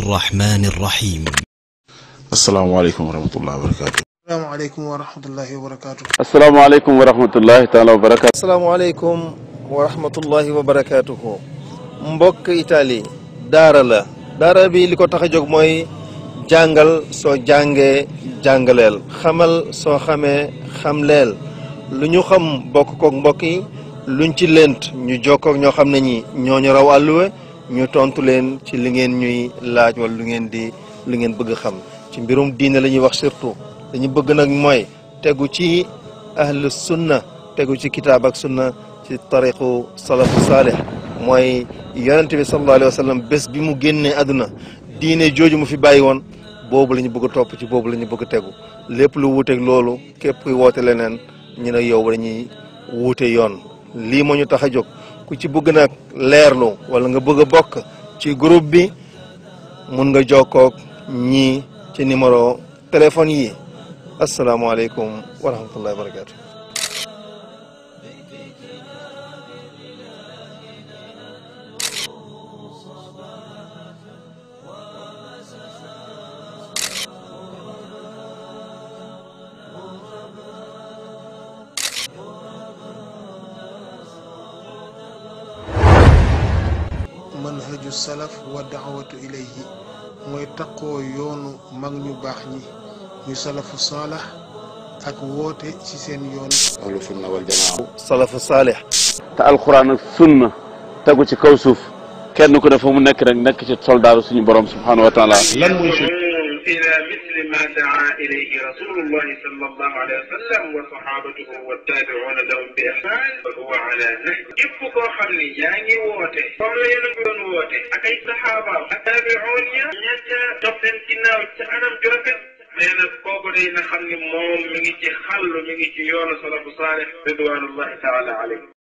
الرحمن الرحيم السلام عليكم ورحمة الله وبركاته السلام عليكم ورحمة الله وبركاته السلام عليكم ورحمة الله تعالى وبركاته السلام عليكم ورحمة الله وبركاته mbokk Italie daara la daara bi li ko tax a jóg mooy jàngal soo jàngee jàngaleel xamal soo xamee xamleel lu ñu xam bokk kook mbokk yi luñ ci lent ñu jokkook ñoo xam ne ñi ñoo ñu raw àlluwe ñu tontu leen ci li ngeen ñuy laaj wala lu ngeen di lu ngeen bëgg xam ci mbirum diine la ñuy wax surtout dañu bëgg nag mooy tegu ci ahlu sunna tegu ci kitaabak sunna ci tariqu salafu saalih mooy yonent bi sallallahu alayhi wa bés bi mu génnee àdduna diine jooju mu fi bàyyi woon boobu la ñu bëgg topp ci boobu la ñu bëgg tegu lépp lu wuuteeg loolu képp kuy woote leneen ñu ne yow la ñuy wuute yoon lii moo ñu tax a jóg ku ci bëgg nag leerlu wala nga bëgg bokk ci groupe bi mun nga jokkook ñii ci numéro téléphone yi asalaamaaleykum wa rahmatullahi wa barakatu منهج السلف والدعوة إليه ويتقو يونو مغنو باحني يسلف الصالح أكووتي سيسين يونو أهل سنة والجماعة سلف الصالح تا القرآن السنة تاكو تكوسوف كان نكون فهم نكرن نكتش تصل دارو سنة برام سبحانه وتعالى لن يشوف إلى مثل ما دعا إليه رسول الله صلى الله عليه وسلم وصحابته والتابعون لهم بإحسان فهو على نحو كيف خلي لي يعني ووتي قبل ينقلون ووتي أكي صحابة التابعون يا نتا تفلن كنا وتعلم جوكت لأن كوكو لي نخلي موم من يجي خلو من يجي يونس ولا صالح رضوان الله تعالى عليه